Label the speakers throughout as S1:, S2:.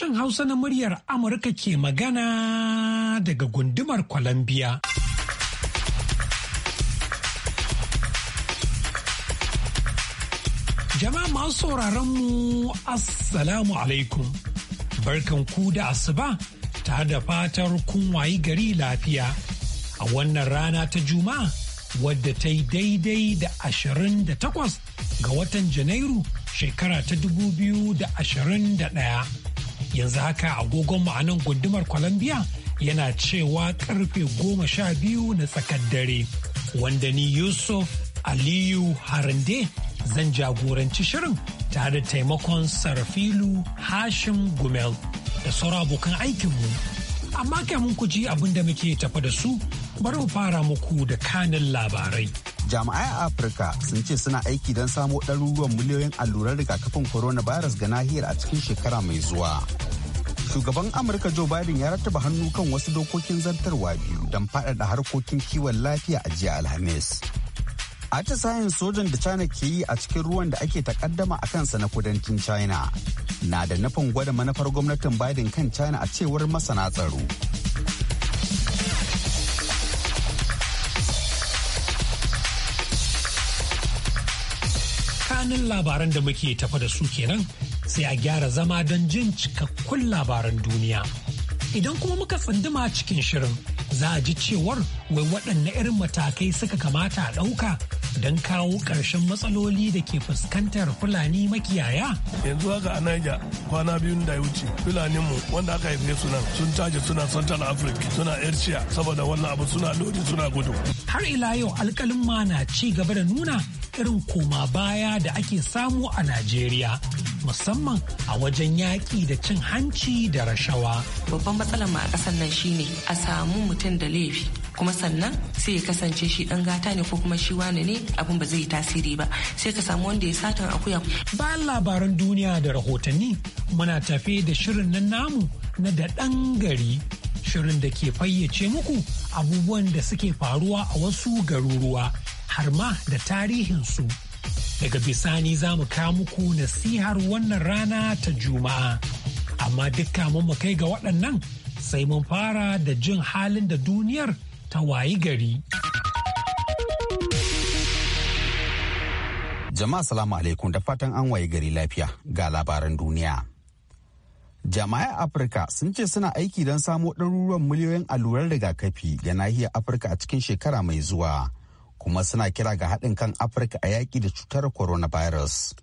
S1: sashen Hausa na muryar Amurka ke magana daga gundumar Columbia. Jama'a masu sauraron mu Assalamu alaikum. Barkan ku da asuba ta da fatar kun wayi gari lafiya a wannan rana ta Juma'a wadda ta yi daidai da ashirin da takwas ga watan Janairu shekara ta dubu biyu da da ɗaya. yanzu haka agogon mu nan gundumar columbia yana cewa karfe goma sha biyu na tsakar dare wanda ni yusuf aliyu harande zan jagoranci shirin tare da taimakon sarfilu hashim gumel da sauran abokan aikinmu amma mun ku ji abin da muke tafa da su bari mu fara muku da kanin labarai
S2: jami'ai a afirka sun ce suna aiki don samo ɗaruruwan miliyoyin allurar rigakafin coronavirus ga nahiyar a cikin shekara mai zuwa shugaban amurka joe biden ya rattaba hannu kan wasu dokokin zartarwa biyu don faɗaɗa harkokin kiwon lafiya a jiya alhamis atisayen sojan da china ke yi a cikin ruwan da ake takaddama a kansa na kudancin china na da nufin gwada manufar gwamnatin biden kan china a cewar masana tsaro
S1: kanin labaran da muke tafa da su kenan sai a gyara zama don jin cikakkun labaran duniya. Idan kuma muka tsunduma cikin shirin za a ji cewar wai waɗanne irin matakai suka kamata a ɗauka don kawo ƙarshen matsaloli da ke fuskantar Fulani makiyaya.
S3: Yanzu haka a Niger kwana biyun da ya wuce Fulani mu wanda aka haife su nan sun taje suna Central Africa suna Asia saboda wannan abu suna lodi suna gudu.
S1: Har ila yau alƙalin ma na ci gaba da nuna irin koma baya da ake samu a Najeriya. musamman a wajen yaƙi da cin hanci da rashawa. Babban matsalar mu a ƙasar
S4: nan shine a samu mutum da laifi kuma sannan sai ya kasance shi ɗan gata ne ko kuma shi wani ne abin ba zai yi tasiri ba sai ka samu wanda ya satan akuya.
S1: Bayan labaran duniya da rahotanni muna tafe da shirin nan namu na da ɗan gari shirin da ke fayyace muku abubuwan da suke faruwa a wasu garuruwa har ma da tarihinsu. su. Daga bisani za mu kawo muku nasihar wannan rana ta Juma'a. Amma dukka mun mu kai ga waɗannan sai mun fara da jin halin da duniyar ta wayi gari.
S2: Jama'a salamu alaikum da fatan an wayi gari lafiya ga labaran duniya. Jama'a afirka sun ce suna aiki don samo ɗaruruwan miliyoyin allurar rigakafi ga nahiyar afirka a cikin shekara mai zuwa kuma suna kira ga haɗin kan afirka a yaƙi da cutar coronavirus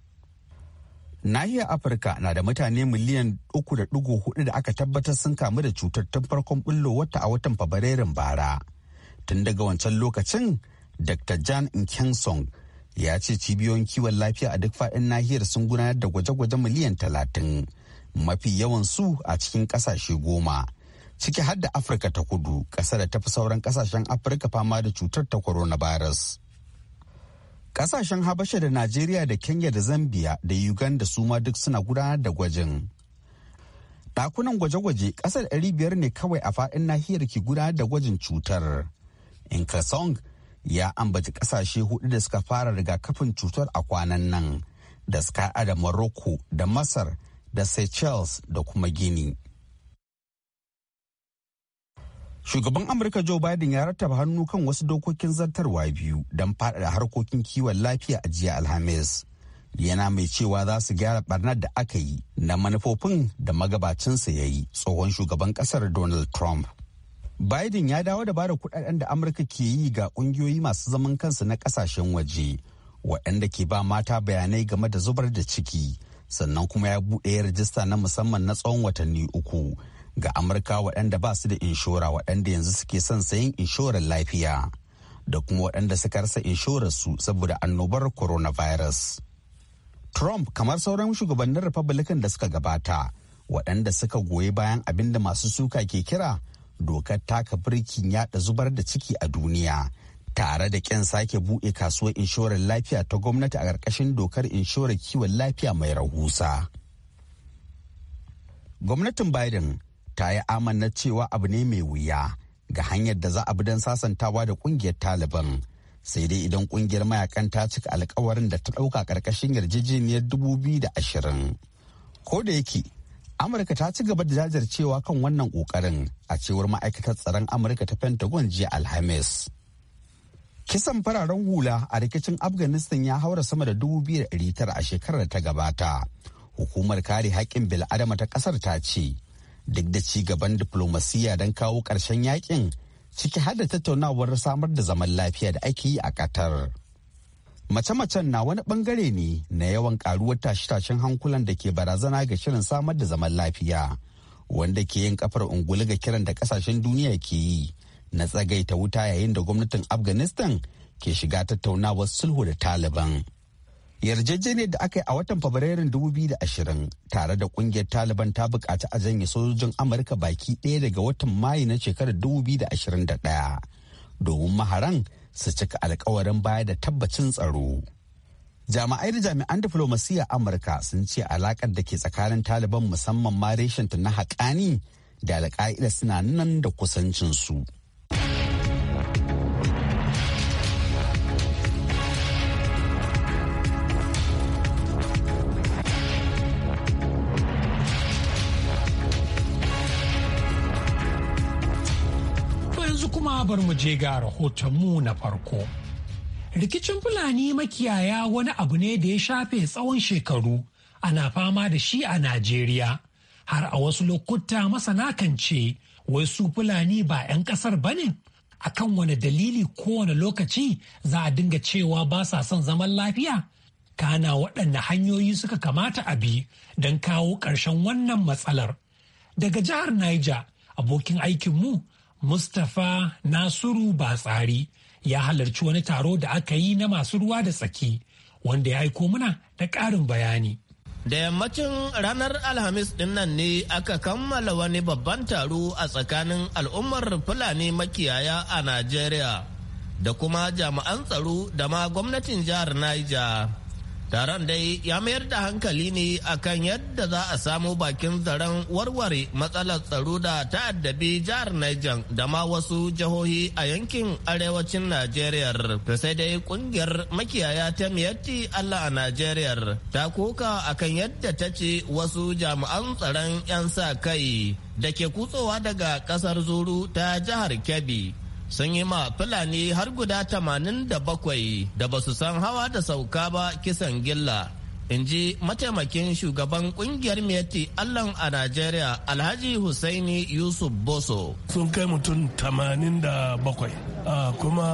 S2: nahiyar afirka na da mutane miliyan 3.4 da aka tabbatar sun kamu da cutar tun farkon bullo wata a watan fabrairun bara tun daga wancan lokacin dr Jan nkensong ya ce cibiyoyin kiwon lafiya a duk faɗin nahiyar sun gudanar da gwaje-gwaje miliyan 30 mafi yawan su a cikin ƙasashe goma ciki har da afirka ta kudu ƙasar da tafi sauran ƙasashen afirka fama da cutar ta coronavirus ƙasashen habasha da najeriya da kenya da zambia da uganda su ma duk suna gudanar da gwajin ɗakunan gwaje-gwaje ƙasar biyar ne kawai a faɗin nahiyar ke gudanar da gwajin cutar song ya ambaci ƙasashe hudu da suka fara rigakafin cutar a kwanan nan da suka da morocco da masar da seychelles da kuma gini Shugaban Amurka Joe Biden ya rattaba hannu kan wasu dokokin zartarwa biyu don faɗaɗa harkokin kiwon lafiya a jiya Alhamis. Yana mai cewa za su gyara barnar da aka yi na manufofin da magabacinsa ya yi tsohon shugaban ƙasar Donald Trump. Biden ya dawo da bada kudaden da Amurka ke yi ga kungiyoyi masu zaman kansu na kasashen waje waɗanda ke ba mata bayanai game da zubar da ciki sannan kuma ya buɗe rajista na musamman na tsawon watanni uku ga amurka waɗanda ba su da inshora waɗanda yanzu suke son sayan inshorar lafiya da kuma waɗanda suka rasa inshorar su saboda annobar coronavirus trump kamar sauran shugabannin republican da suka gabata waɗanda suka goyi bayan abin da masu suka ke kira dokar taka birkin yaɗa zubar da ciki a duniya tare da kyan sake buɗe kasuwar inshorar lafiya ta gwamnati a ƙarƙashin dokar inshorar kiwon lafiya mai rahusa. Gwamnatin Biden ta yi amanna cewa abu ne mai wuya ga hanyar da za a bi don sasantawa da kungiyar taliban sai dai idan kungiyar mayakan ta cika alkawarin da ta ɗauka ƙarƙashin yarjejeniyar dubu biyu da ashirin. ko da yake amurka ta ci gaba da jajircewa kan wannan ƙoƙarin a cewar ma'aikatar tsaron amurka ta pentagon jiya alhamis kisan fararen hula a rikicin afghanistan ya haura sama da da 2,900 a shekarar ta gabata hukumar kare haƙƙin bil'adama ta ƙasar ta ce duk da ci gaban diplomasiya don kawo ƙarshen yakin ciki har da tattaunawar samar da zaman lafiya da ake yi a Qatar. Mace-macen na wani bangare ne na yawan karuwar tashe-tashen hankulan da ke barazana ga shirin samar da zaman lafiya, wanda ke yin kafar ungulu ga kiran da kasashen duniya ke yi na tsagaita wuta yayin da gwamnatin Afghanistan ke shiga tattaunawar sulhu da Taliban. yarjejeniyar da aka yi a watan fabrairun 2020 tare da kungiyar taliban ta bukaci a janye sojojin amurka baki ɗaya daga watan mayu na shekarar 2021 domin maharan su cika alkawarin baya da tabbacin tsaro jami'ai da jami'an diflomasiyya amurka sun ce alakar da ke tsakanin taliban musamman ma reshenta na haƙani da alka'ida suna nan da kusancinsu
S1: bar mu je ga rahotonmu na farko. Rikicin Fulani makiyaya wani abu ne da ya shafe tsawon shekaru ana fama da shi a Najeriya. Har a wasu lokuta masana kan ce wai su Fulani ba 'yan ƙasar ba ne? A kan wani dalili kowane lokaci za a dinga cewa ba sa son zaman lafiya? Kana waɗanne hanyoyi suka kamata a bi don kawo ƙarshen wannan matsalar. Daga jihar Niger, abokin aikinmu Mustapha Nasiru Batsari ya halarci wani taro da aka yi na masu ruwa da tsaki wanda ya aiko muna da ƙarin bayani. Da
S3: yammacin ranar Alhamis ɗin nan ne aka kammala wani babban taro a tsakanin al'ummar Fulani makiyaya a Najeriya da kuma jami'an tsaro da ma gwamnatin jihar Niger. Taron dai ya mayar da hankali ne akan yadda za a samu bakin zaren warware matsalar tsaro da ta'addabi jihar Niger da ma wasu jihohi a yankin arewacin Najeriya. Da sai dai kungiyar makiyaya ta miyatti Allah a Najeriya ta koka akan yadda ta ce wasu jami'an tsaron 'yan sa kai da ke kutsowa daga kasar Zuru ta jihar Kebbi sun yi ma Fulani har guda tamanin da bakwai da ba su san hawa da sauka ba kisan gilla. In ji mataimakin shugaban kungiyar Meti allon a nigeria Alhaji husaini Yusuf Boso. Sun kai mutum tamanin da bakwai. kuma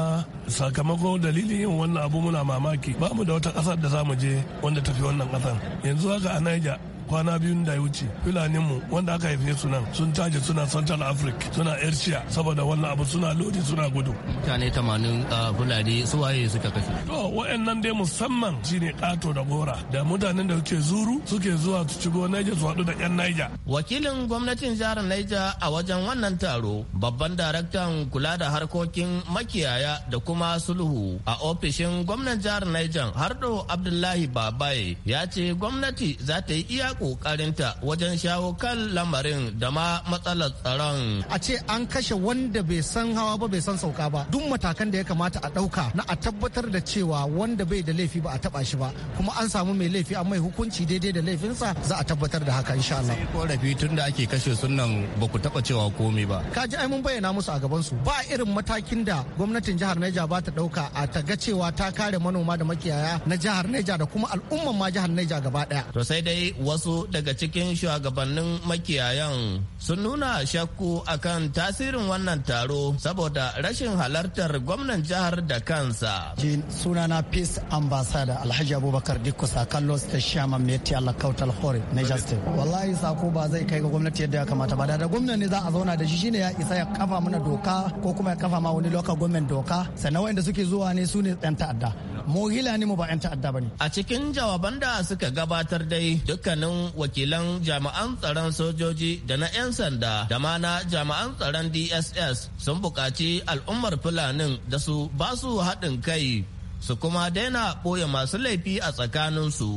S3: sakamakon dalilin yin wannan abu muna mamaki ba mu da wata kasar da za mu je wanda tafi wannan kasar Yanzu haka a Niger kwana biyun da ya wuce filanin mu wanda aka haife su nan sun taje suna central africa suna ersia saboda wannan abu suna lodi suna gudu mutane tamanin fulani su waye suka kashe to wa'annan dai musamman shine kato da gora da mutanen da suke zuru suke zuwa su shigo su hadu da yan naija. wakilin gwamnatin jihar Naija a wajen wannan taro babban daraktan kula da harkokin makiyaya da kuma sulhu a ofishin gwamnan jihar naija hardo abdullahi babaye ya ce gwamnati za ta yi iya iya ƙoƙarinta wajen shawo kan lamarin da ma matsalar tsaron.
S4: A ce an kashe wanda bai san hawa ba bai san sauka ba duk matakan da ya kamata a dauka na a tabbatar da cewa wanda bai da laifi ba a taɓa shi ba kuma an samu mai laifi an mai hukunci daidai da laifinsa za a tabbatar da haka insha Allah.
S3: korafi tun da ake kashe sunan ba ku taɓa cewa komai ba.
S4: Ka ji ai mun bayyana musu a gabansu ba irin matakin da gwamnatin jihar Niger ba ta ɗauka a ta ga cewa ta kare manoma da makiyaya na jihar Niger da kuma al'umman ma jihar Niger gaba daya.
S3: To sai dai wasu wasu daga cikin shugabannin makiyayan sun nuna shakku akan tasirin wannan taro saboda rashin halartar gwamnan jihar da kansa. sunana peace ambassador alhaji abubakar dikko sakallos da shama meti alakautal hore niger state wallahi sako ba zai kai ga gwamnati yadda ya kamata ba da gwamnan ne za a zauna da shi shine ya isa ya kafa mana doka ko kuma ya kafa ma wani local gwamnan doka sannan wanda suke zuwa ne su ne 'yan ta'adda mu ne mu ba 'yan ta'adda ba ne. A cikin jawaban da suka gabatar dai dukkanin wakilan jami'an tsaron sojoji da na 'yan sanda da ma na jami'an tsaron DSS sun buƙaci al'ummar Fulanin da su ba su haɗin kai su kuma daina ɓoye masu laifi a tsakaninsu.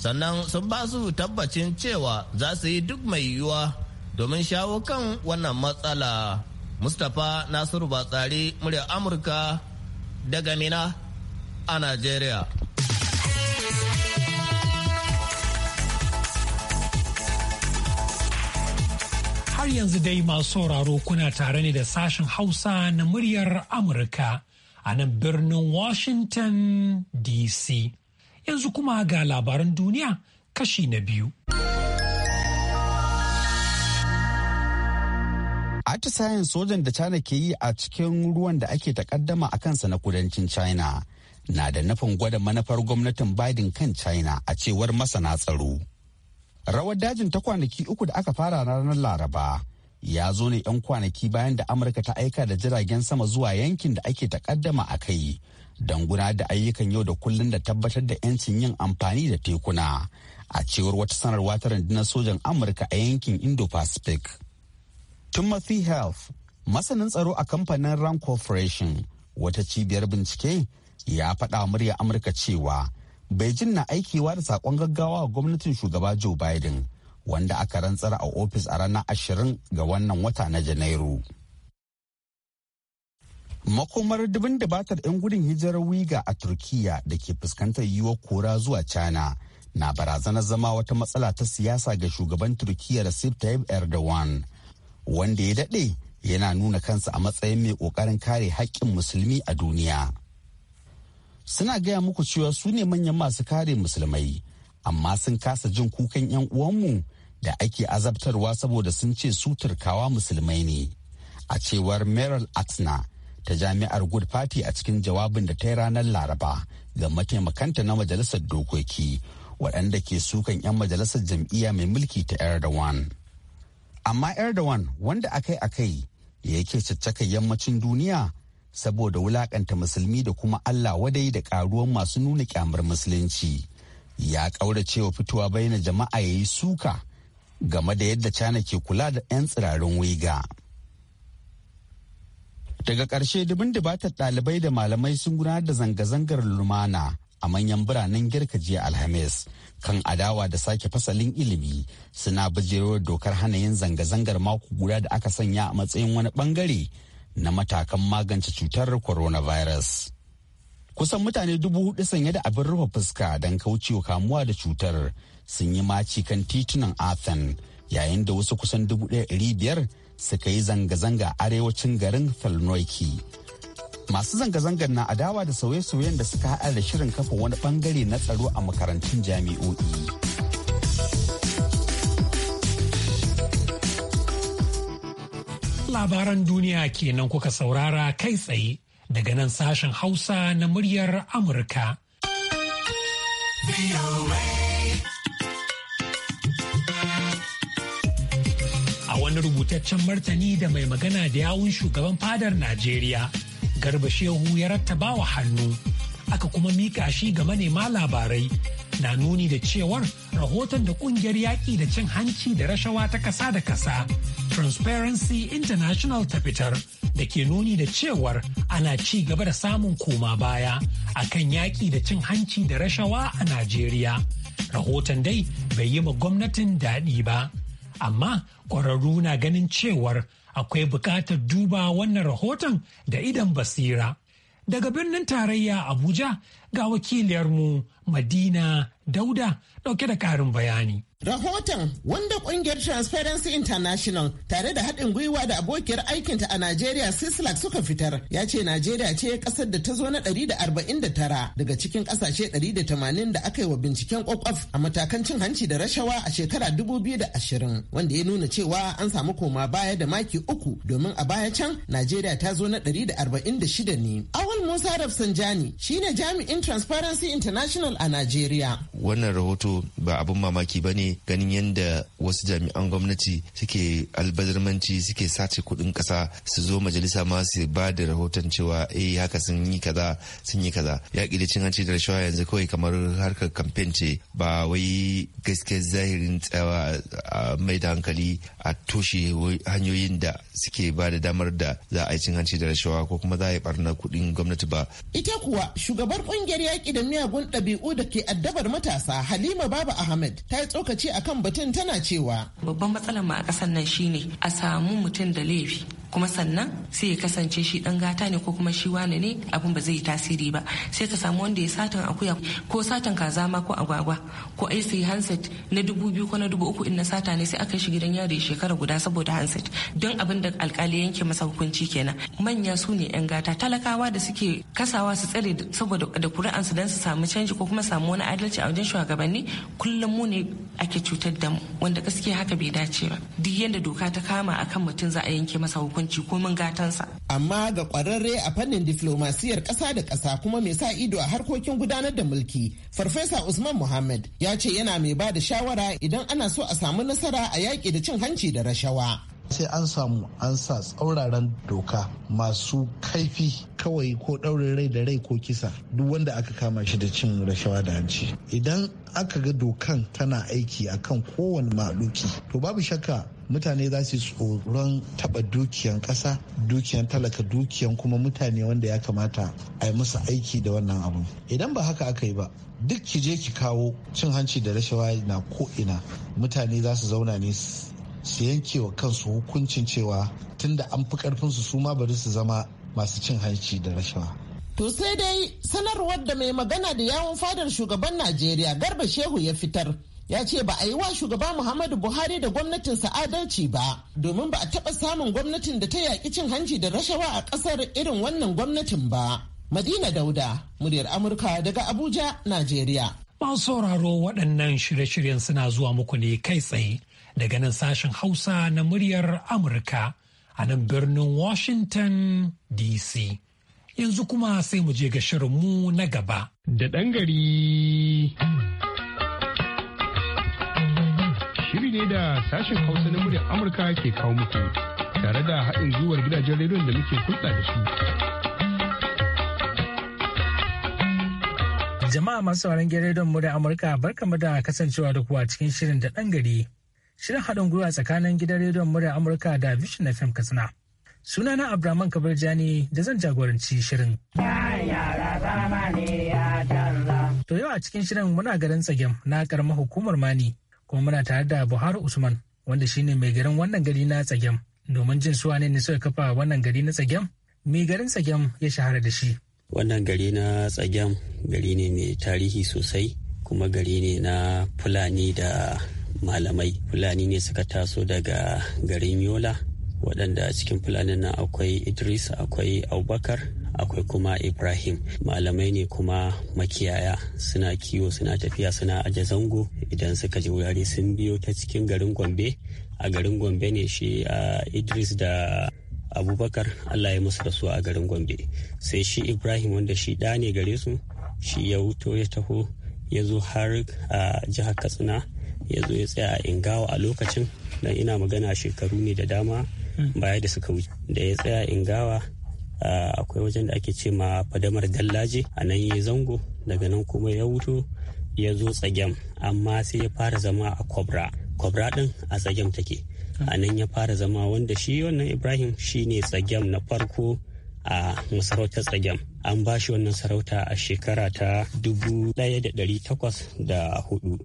S3: Sannan sun ba su tabbacin cewa za su yi duk mai yiwuwa domin shawo kan wannan matsala. Mustapha Nasiru Batsari, murya Amurka daga Mina.
S1: a Najeriya. Har yanzu dai masu sauraro kuna tare ne da sashen Hausa na muryar Amurka a nan birnin Washington DC. Yanzu kuma ga labaran duniya kashi na biyu. Atisayen
S2: sojan da China ke yi a cikin ruwan da ake takaddama a kansa na kudancin China na da nufin gwada manufar gwamnatin Biden kan China a cewar masana tsaro. Rawar dajin ta kwanaki uku da aka fara ranar Laraba ya zo ne 'yan kwanaki bayan da Amurka ta aika da jiragen sama zuwa yankin da ake takaddama a kai don gudanar da ayyukan yau da kullum da tabbatar da 'yancin yin amfani da tekuna a cewar wata sanarwa ta rundunar sojan Amurka a yankin Indo-Pacific. Timothy Health, masanin tsaro a kamfanin Ram Corporation, wata cibiyar bincike ya faɗa murya amurka cewa beijing na aikewa da saƙon gaggawa a gwamnatin shugaba joe biden wanda aka rantsar a ofis a ranar ashirin ga wannan wata na janairu makomar dubin dabatar 'yan gudun hijirar wiga a turkiya da ke fuskantar yiwuwar kora zuwa china na barazanar zama wata matsala ta siyasa ga shugaban turkiya recep tayyip erdogan wanda ya daɗe yana nuna kansa a matsayin mai ƙoƙarin kare haƙƙin musulmi a duniya suna gaya muku cewa su ne manyan masu kare musulmai amma sun kasa jin kukan 'yan uwanmu da ake azabtarwa saboda sun ce su turkawa musulmai ne a cewar meryl atna ta jami'ar good party a cikin jawabin da ta yi ranar laraba ga mataimakanta na majalisar dokoki waɗanda ke sukan 'yan majalisar jam'iyya mai mulki ta erdogan amma erdogan wanda akai-akai yake caccaka yammacin duniya saboda wulakanta musulmi da kuma Allah wadai da karuwan masu nuna kyamar musulunci. Ya cewa fitowa bayyana jama'a ya yi suka game da yadda Cana ke kula da 'yan tsirarin wiga. Daga ƙarshe dubin dubatar ɗalibai da malamai sun gudanar da zanga-zangar lumana a manyan biranen girka jiya Alhamis kan adawa da sake fasalin ilimi suna bijirar dokar hana yin zanga-zangar mako guda da aka sanya a matsayin wani bangare na matakan magance cutar coronavirus. Kusan mutane dubu hudu sanye da abin rufe fuska don kaucewa kamuwa da cutar sun yi maci kan titunan Athen. yayin da wasu kusan dubu biyar suka yi zanga-zanga arewacin garin Thessaloniki. Masu zanga-zangar na adawa da sauye-sauyen da suka haɗa da shirin kafa wani bangare na tsaro a makarantun jami'o'i.
S1: labaran duniya kenan kuka saurara kai tsaye daga nan sashen Hausa na muryar Amurka. A wani rubutaccen martani da mai magana da yawun shugaban fadar Najeriya, Garba Shehu ya rattaba wa hannu, aka kuma mika shi ga manema labarai na nuni da cewar rahoton da kungiyar yaƙi da cin hanci da rashawa ta ƙasa da ƙasa transparency international ta fitar da ke nuni da cewar ana ci gaba da samun koma baya a kan yaƙi da cin hanci da rashawa a najeriya rahoton dai bai yi ma gwamnatin daɗi ba amma ƙwararru na ganin cewar akwai buƙatar duba wannan rahoton da idan basira. Daga birnin tarayya Abuja ga wakiliyarmu Madina Dauda dauke da ƙarin bayani.
S4: Rahoton wanda kungiyar Transparency International tare da haɗin gwiwa da abokiyar aikinta a Najeriya Sislak suka fitar ya ce Najeriya ce ƙasar da ta zo na 149 daga cikin ƙasashe 180 da aka yi wa binciken kwakwaf a matakan cin hanci da rashawa a shekara 2020 wanda ya nuna cewa an samu koma baya da maki uku domin a baya can Najeriya ta zo na 146 ne. Awal Musa Rafsanjani ne jami'in Transparency International a Najeriya.
S3: Wannan rahoto ba abin mamaki ba ne ganin yadda wasu jami'an gwamnati suke albazarmanci suke sace kuɗin kasa su zo majalisa ma su ba da rahoton cewa eh haka sun yi kaza sun yi kaza yaƙi da cin hanci da rashawa yanzu kawai kamar harkar kamfen ce ba wai gaske zahirin tsawa a mai da hankali a toshe hanyoyin da suke ba da damar da za a yi cin hanci da rashawa ko kuma za a yi barna kuɗin gwamnati ba.
S4: Ita kuwa shugabar ƙungiyar yaƙi da miyagun ɗabi'u da ke addabar matasa Halima Baba Ahmed ta yi tsoka ce akan batun tana cewa babban matsalar mu a ƙasar nan shine a samu mutum da laifi kuma sannan sai ya kasance shi dan gata ne ko kuma shi wane ne abin ba zai yi tasiri ba sai ka samu wanda ya satan akuya ko satan kaza ma ko agwagwa ko ai sai handset na dubu biyu ko na dubu uku in na sata ne sai aka shi gidan yari shekara guda saboda handset don abin da alkali yanke masa hukunci kenan manya su ne yan gata talakawa da suke kasawa su tsare saboda da kuri'ansu don su samu canji ko kuma samu wani adalci a wajen shugabanni kullum mu ne ake cutar da mu wanda gaskiya haka bai dace ba duk yadda doka ta kama akan mutum za a yanke masa hukunci hukunci ko mun gatansa. Amma ga kwararre a fannin diflomasiyar ƙasa da ƙasa kuma mai sa ido a harkokin gudanar da mulki, Farfesa Usman Muhammad ya ce yana mai ba da shawara idan ana so a samu nasara a yaƙi da cin hanci da rashawa. sai an samu an sa tsauraran doka masu kaifi kawai ko ɗaurin rai da rai ko kisa duk wanda aka kama shi da cin rashawa da hanci idan aka ga dokan tana aiki a kan kowane maluki to babu shakka mutane za su tsoron taɓa dukiyan ƙasa, dukiyan talaka dukiyan kuma mutane wanda ya kamata a yi musu aiki da wannan abu idan ba haka aka yi ba duk ki je ki kawo cin hanci da rashawa na ko'ina mutane za su zauna ne su yanke wa kansu hukuncin cewa tunda an fi karfinsu su ma bari su zama masu cin hanci da rashawa. To sai dai sanarwar da mai magana da yawon fadar shugaban Najeriya Garba Shehu ya fitar ya ce ba a yi wa shugaba Muhammadu Buhari da sa adalci ba domin ba a taɓa samun gwamnatin da ta yaƙi cin hanci da rashawa a ƙasar irin wannan gwamnatin ba. Madina Dauda, muryar Amurka
S1: daga Abuja, Najeriya. Masu sauraro waɗannan shirye-shiryen suna zuwa muku ne kai tsaye daga nan sashen Hausa na muryar Amurka a nan birnin Washington DC. Yanzu kuma sai mu je ga shirinmu na gaba. Da ɗan gari. Shiri ne da sashen Hausa na muryar Amurka ke kawo muku tare da haɗin zuwar gidajen rediyon da muke kulɗa da su.
S5: Jama'a masu sauran gidan mu da Amurka barkamu da kasancewa da kuwa cikin shirin da ɗan gari shirin haɗin gwiwa tsakanin gidan rediyon murya amurka da vision fm katsina Suna na abraman Kabirja jani da zan jagoranci shirin to yau a cikin shirin muna garin tsagem na karamar hukumar mani kuma muna tare da buhari usman wanda shine mai garin wannan gari na tsagem domin jin suwa ne suka kafa wannan gari na tsagem mai garin tsagem ya shahara da shi
S6: wannan gari na tsagem gari ne mai tarihi sosai kuma gari ne na fulani da malamai fulani ne suka taso daga garin yola waɗanda a cikin fulani na akwai idris akwai abubakar akwai kuma ibrahim malamai ne kuma makiyaya suna kiwo suna tafiya suna aje zango idan suka ji wurare sun biyo ta cikin garin gombe a garin gombe ne shi a idris da abubakar allah ya musu rasuwa a garin gombe sai shi ibrahim wanda shi ɗa ne gare su shi ya wuto ya taho ya zo har a jihar katsina ya zo ya tsaya a ingawa a lokacin dan ina magana shekaru ne da dama baya da suka wuce da ya tsaya ingawa akwai wajen da ake ce ma fadamar dallaje a nan ya zango daga nan kuma ya wuto ya zo tsagem amma sai ya fara zama a kwabra kwabra din a tsagem take a nan ya fara zama wanda shi wannan ibrahim shi ne tsagem na farko a masarautar tsagem an ba shi wannan sarauta a shekara ta 1804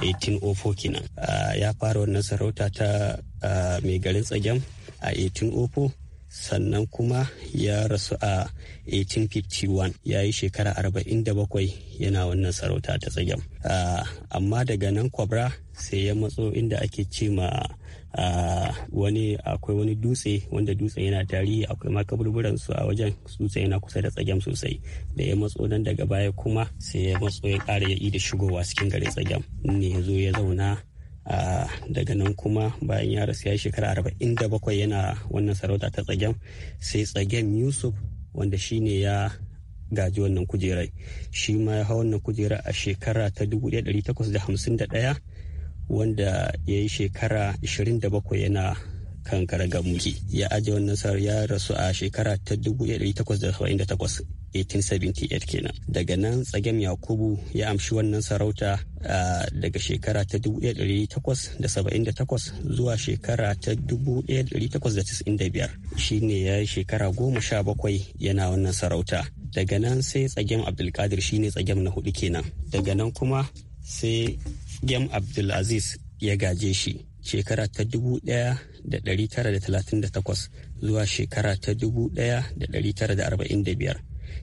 S6: 1804 kenan ah, ya fara wannan sarauta ta ah, mai garin tsagen a 1804 sannan kuma ya rasu a 1851 ya yi shekara 47 yana wannan sarauta ta tsagen ah, amma daga nan kwabra sai ya matso inda ake ce ma wani akwai wani dutse wanda dutsen yana tarihi akwai ma kaburburan su a wajen dutse yana kusa da tsagem sosai da ya matso nan daga baya kuma sai ya matso ya kara ya da shigowa cikin gare tsagem ne ya zo ya zauna daga nan kuma bayan ya rasu ya shekara arba'in da bakwai yana wannan sarauta ta tsagem sai tsagen yusuf wanda shine ya gaji wannan kujerai shi ma ya hau wannan kujerai a shekara ta dubu takwas da da hamsin ɗaya wanda ya yi shekara 27 yana kan karagar mulki ya aje wannan sar ya rasu a shekara ta 1878 1878 kenan daga nan tsagen yakubu ya amshi wannan sarauta daga shekara ta 1878 zuwa shekara ta 1895 shine ya yi shekara goma sha bakwai yana wannan sarauta daga nan sai tsagen abdulkadir ne tsagen na hudu kenan daga nan kuma sai gem abdulaziz ya gaje shi shekara ta 1938 zuwa shekara ta 1945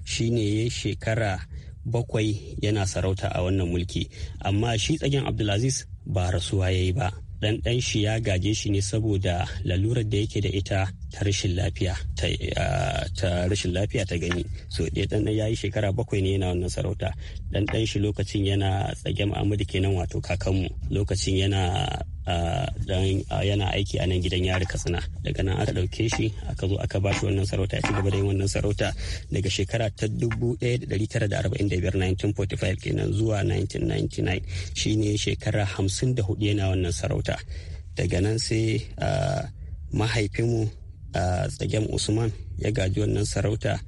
S6: shi ne ya shekara bakwai yana sarauta a wannan mulki amma shi tsagen abdulaziz ba rasuwa ya yi ba ɗanɗan shi ya gaje shi ne saboda lalurar da yake da ita ta rashin lafiya ta rashin lafiya ta gani so ɗaya eh, ɗan ya yi shekara bakwai ne yana wannan sarauta ɗan ɗan shi lokacin yana tsage mu'amudu kenan wato kakanmu lokacin yana dan yana aiki a nan gidan yari katsina daga nan aka ɗauke shi aka zo aka ba shi wannan sarauta ya ci gaba da yin wannan sarauta daga shekara ta 1945 1945 kenan zuwa 1999 shine shekara da 54 yana wannan sarauta daga nan sai mahaifinmu a tsagen usman ya gaji wannan sarauta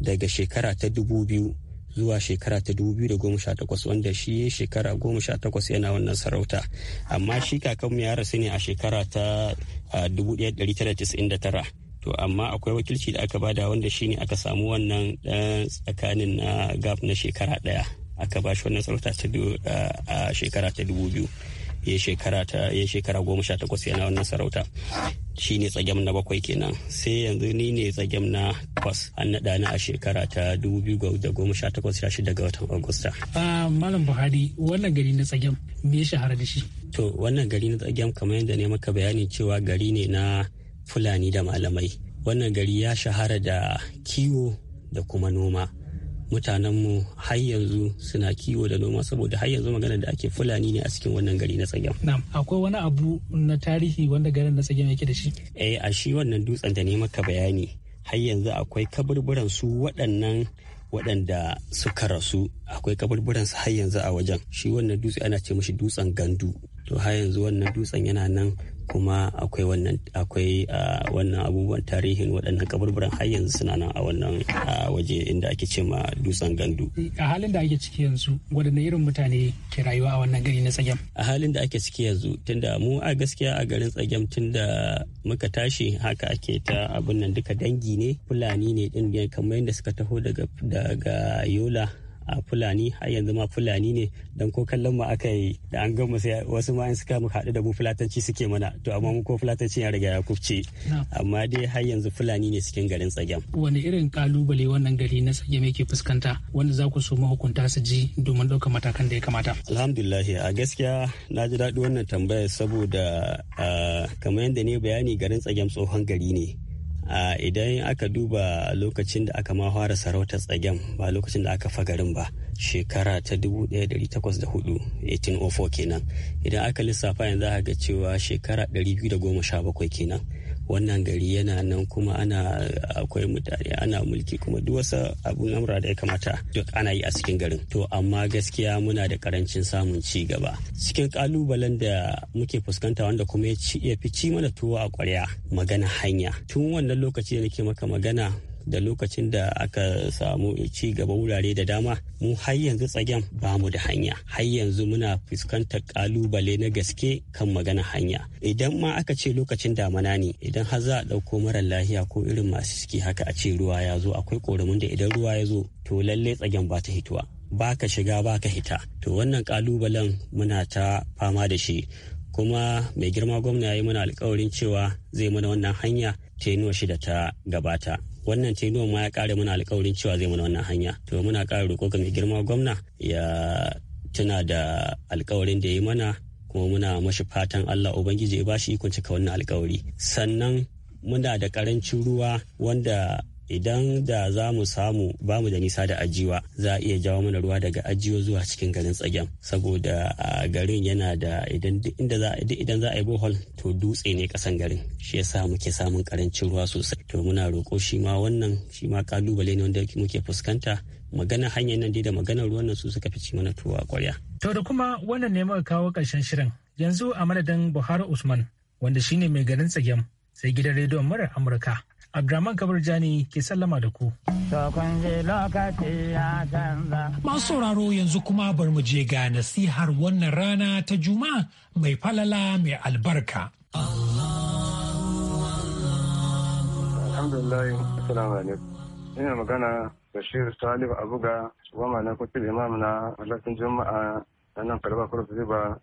S6: daga shekara ta dubu biyu zuwa shekara ta dubu biyu da goma sha takwas wanda shi ya shekara goma sha takwas yana wannan sarauta amma shi kakanmu ya rasu ne a shekara ta dubu ɗaya ɗari tara tisa'in da tara to amma akwai wakilci da aka bada wanda shi ne aka samu wannan ɗan tsakanin na gaf na shekara ɗaya aka ba shi wannan sarauta a shekara ta dubu biyu ya shekara ta ya shekara goma sha takwas yana wannan sarauta shi ne tsagem na bakwai kenan sai yanzu ni ne tsagem na kwas an naɗa ni a shekara ta dubu biyu da goma sha takwas sha shida ga watan agusta.
S5: Ah, malam buhari wannan gari na tsagem me ya shahara da shi.
S6: to wannan gari na tsagem kamar yadda ne maka bayanin cewa gari ne na fulani da malamai wannan gari ya shahara da kiwo da kuma noma. mutanenmu har yanzu suna kiwo da noma saboda har yanzu magana da ake fulani ne a cikin wannan gari na tsagen.
S5: Na'am, akwai wani abu na tarihi wanda garin na tsagen yake da shi?
S6: Eh, a shi wannan dutsen da ne maka bayani har yanzu akwai kaburburan su waɗannan waɗanda suka rasu akwai kaburburan su har yanzu a wajen shi wannan dutse ana ce mashi dutsen gandu to har yanzu wannan dutsen yana nan kuma akwai wannan akwai wannan abubuwan tarihin waɗannan kaburburan har yanzu suna nan a wannan waje inda ake ce ma dutsen gandu
S5: a halin da ake ciki yanzu waɗanne irin mutane ke rayuwa a wannan gari na tsagem
S6: a halin da ake ciki yanzu tunda mu a gaskiya a garin tsagem tunda muka tashi haka ake ta abin nan duka dangi ne fulani ne din kamar yadda suka taho daga daga yola a fulani har yanzu ma fulani ne dan ko kallon mu aka yi da an gama sai wasu ma in suka mu haɗu da mu fulatanci suke mana to amma mu ko fulatanci ya riga ya kufce amma dai har yanzu fulani ne cikin garin tsagen.
S5: wani irin kalubale wannan gari na tsagem yake fuskanta wanda za ku so mahukunta su ji domin ɗaukar matakan da ya kamata
S6: alhamdulillah a gaskiya na ji daɗi wannan tambayar saboda ah, kamar yadda ne bayani garin tsagen tsohon gari ne idan aka duba lokacin da aka ma fara sarautar tsagen ba lokacin da aka fagarin ba shekara ta 1804 1804 kenan idan aka lissafa yanzu aka ga cewa shekara 217 kenan wannan gari yana nan kuma ana akwai mutane ana mulki kuma duk wasu abun amra da ya kamata duk ana yi a cikin garin to amma gaskiya muna da karancin samun ci gaba cikin kalubalen da muke fuskanta wanda kuma ya fi ci mana tuwo a kwarya magana hanya tun wannan lokaci da nake maka magana da lokacin da aka samu ci gaba wurare da dama mu har yanzu tsagen ba mu da hanya har yanzu muna fuskantar kalubale na gaske kan magana hanya idan ma aka ce lokacin damana ne idan har za a ɗauko marar lahiya ko irin masu ciki haka a ce ruwa ya zo akwai koramin da idan ruwa ya zo to lalle tsagen ba ta hituwa ba ka shiga ba ka hita to wannan kalubalen muna ta fama da shi kuma mai girma gwamna ya yi mana alkawarin cewa zai mana wannan hanya ta yi shi da ta gabata wannan tenuwan ma ya kare muna alkawarin cewa zai mana wannan hanya to muna kara roƙo ga mai girma gwamna ya tuna da alkawarin da ya yi mana kuma muna mashi fatan allah ubangiji ya bashi ikon cika wannan alkawari sannan muna da karancin ruwa wanda idan da za mu samu ba mu da nisa da ajiwa za a iya jawo mana ruwa daga ajiyo zuwa cikin garin tsagen saboda a garin yana da idan za a yi bohol to dutse ne kasan garin shi yasa muke samun karancin ruwa sosai to muna roƙo shi ma wannan shi ma kalubale ne wanda muke fuskanta magana hanyar nan dai da maganar ruwan nan su suka fi mana tuwa kwarya
S5: to da kuma wannan ne muka kawo karshen shirin yanzu a madadin Buhari Usman wanda shine mai garin tsagen sai gidan rediyon murar Amurka Abdurrahman Kabir Jani ke sallama da ku.
S1: Masu sauraro yanzu kuma bar mu je ga nasihar wannan rana ta Juma'a mai falala mai albarka.
S7: Alhamdulillah, Assalamu alaikum. Ina magana Bashir Talib Abuga, shugaba na kutu imam na Alaƙin Juma'a a nan Kalaba Kurus Ziba.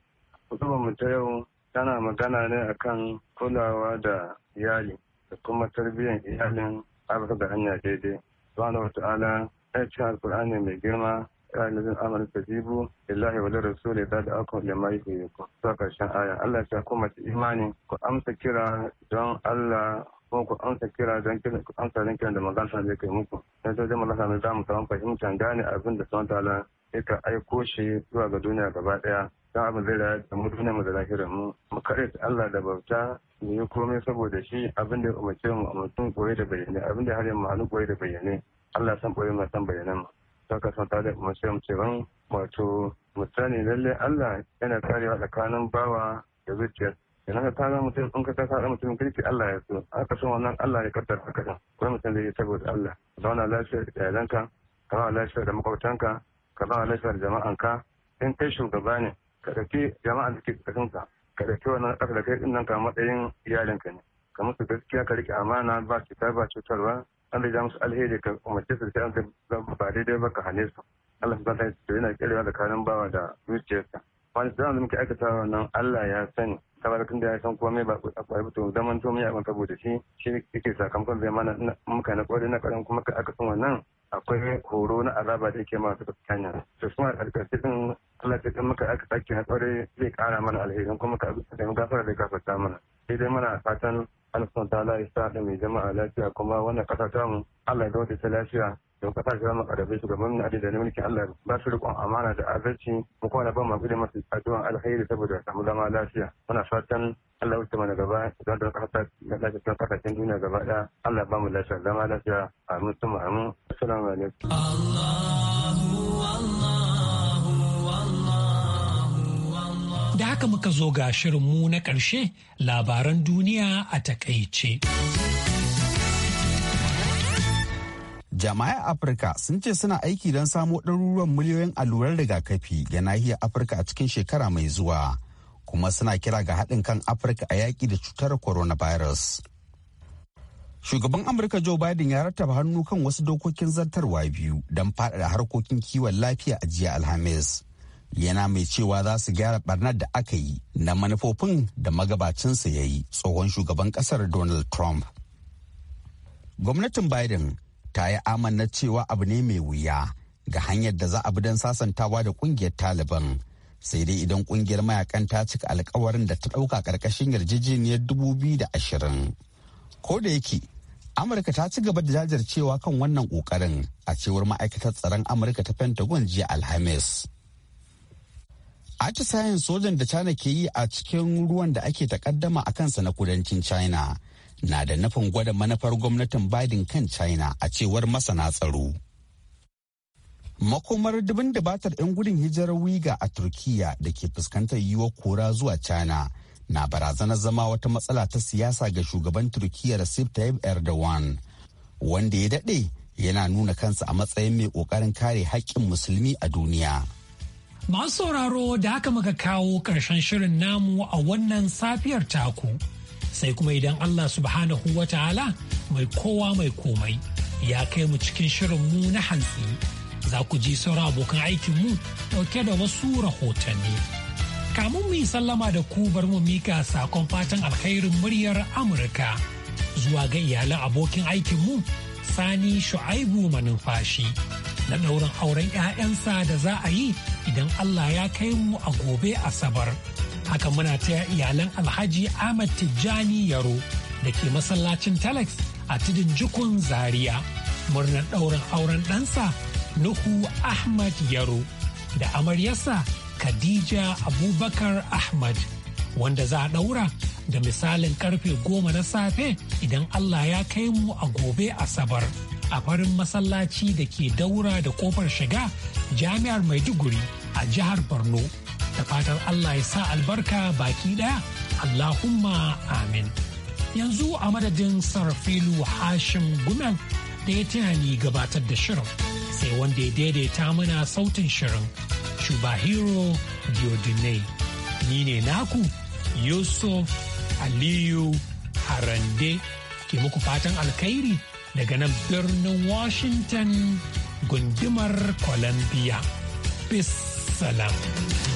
S7: Kutubar mu ta yau tana magana ne akan kulawa da iyali. da kuma tarbiyyar iyalin abu da hanya daidai subhanahu ta'ala ya al alkur'ani mai girma ya yi lazin amal tajibu lillahi wa lirrasuli da da akum lima yuhyikum zuwa karshen aya Allah ya kuma ta imani ku amsa kira don Allah ko ku amsa kira don ku amsa don kiran da magana zai kai muku na sai jama'a Allah mai zamu samu fahimtar gane abin da subhanahu wata'ala ka aiko shi zuwa ga duniya gaba ɗaya za abin zai da mu duniya mu da lahirar mu mu kare Allah da bauta mu yi komai saboda shi abin da ya umarce mu a mutum koyi da bayyane abin da har yamma hannu koyi da bayyane Allah san koyi ma san bayyane mu ta ka san tare mu sai mu ce ban wato mu sani lalle Allah yana karewa tsakanin bawa da zuciya idan ka kaga mutum in ka kaga mutum kirki Allah ya so aka san wannan Allah ya kaddara haka kan kuma mutum zai yi saboda Allah zauna lafiya da yalanka ka ba lafiya da makwabtanka ka ba lafiya da jama'anka in kai shugaba ne ka ɗauki jama'ar da ke ƙarƙashinka ka ɗauki wannan ƙasa da kai ɗin nan ka matsayin iyalinka ne ka musu gaskiya ka riƙe amana ba cuta ba cutarwa an rija musu alheri ka kuma su da an ba daidai ba ka hane su Allah ya zanta da yana kirewa da kanin bawa da zuciyarsa wani zaman da muke aikata wannan Allah ya sani tabarakin da ya san kuma mai ba a kwari to zaman to mai abin saboda shi shi yake sakamakon zai mana muka na kwarai na kwarai kuma aka san wannan akwai horo na azaba da yake masu kanya to suna karkashi din Allah ta muka aka sake na tsare zai kara mana alherin kuma ka da mu gafara da gafarta mana sai dai muna fatan Allah ta ta'ala ya sa da mai jama'a lafiya kuma wannan kasa ta mu Allah ya dauke ta lafiya don kasa ta mu karabe su gaban na da mulkin Allah ba su rikon amana da azalci mu kuma na ba mu da masu addu'an alheri saboda samu zama lafiya muna fatan Allah wuce mana gaba don da kasa da kasashen kasashen duniya gaba ɗaya Allah ba mu lafiya zama lafiya amin tuma amin assalamu alaikum
S1: Da haka muka zo ga shirin mu na ƙarshe labaran duniya a takaice.
S2: Jama'a Afirka sun ce suna aiki don samo ɗaruruwan miliyoyin allurar rigakafi ga nahiyar Afirka a cikin shekara mai zuwa. kuma suna kira ga haɗin kan afirka a yaƙi da cutar coronavirus shugaban amurka joe biden ya rattaba hannu kan wasu dokokin zartarwa biyu don faɗaɗa harkokin kiwon lafiya a jiya alhamis yana mai cewa za su gyara ɓarnar da aka yi na manufofin da magabacinsa ya yi tsohon shugaban ƙasar donald trump gwamnatin biden ta yi amanna cewa abu ne mai wuya ga hanyar da za a bi don sasantawa da ƙungiyar taliban sai dai idan kungiyar mayakan ta cika alkawarin da ta ɗauka karkashin yarjejeniyar 2020 ko da yake amurka ta ci gaba da jajircewa kan wannan kokarin a cewar ma'aikatar tsaron amurka ta pentagon jiya alhamis atisayen sojan da china ke yi a cikin ruwan da ake takaddama a kansa na kudancin china na da nufin gwada manufar gwamnatin biden kan china a cewar masana tsaro makomar dubin dabatar 'yan gudun hijirar wiga a turkiya da ke fuskantar yiwuwar kora zuwa china na barazanar zama wata matsala ta siyasa ga shugaban turkiya recep tayyip erdogan wanda ya daɗe yana nuna kansa a matsayin mai ƙoƙarin kare haƙƙin musulmi a duniya
S1: masu sauraro da haka muka kawo ƙarshen shirin namu a wannan safiyar taku sai kuma idan allah subhanahu wa ta'ala mai kowa mai komai ya kai mu cikin shirin mu na hantsi za ku ji sauran abokan aikinmu ɗauke da wasu rahotanni. Kamun mu sallama da ku bar mu mika sakon fatan alkhairin muryar Amurka zuwa ga iyalan abokin aikinmu Sani Shu'aibu manumfashi na ɗaurin auren 'ya'yansa da za a yi idan Allah ya kai mu a gobe Asabar. Haka muna taya iyalan Alhaji Ahmad Tijjani Yaro da ke masallacin Telex a tudun Jikun Zaria. Murnar ɗaurin auren ɗansa Nuhu Ahmad Yaro da amaryarsa Khadija Abubakar Ahmad wanda za a ɗaura da misalin karfe goma na safe idan Allah ya kai mu a gobe Asabar a farin masallaci da ke daura da kofar shiga jami'ar Maiduguri a jihar Borno da fatan Allah ya sa albarka baki ɗaya Allahumma amin. Yanzu a madadin Sarfilu Hashim Gumel da ya taya ni gabatar da shirin. sai wanda ya daidaita mana sautin shirin Shubahiro diodine Ni ne naku Yusuf Aliyu Harande ke muku fatan alkhairi daga nan birnin Washington gundumar Columbia. Peace salam.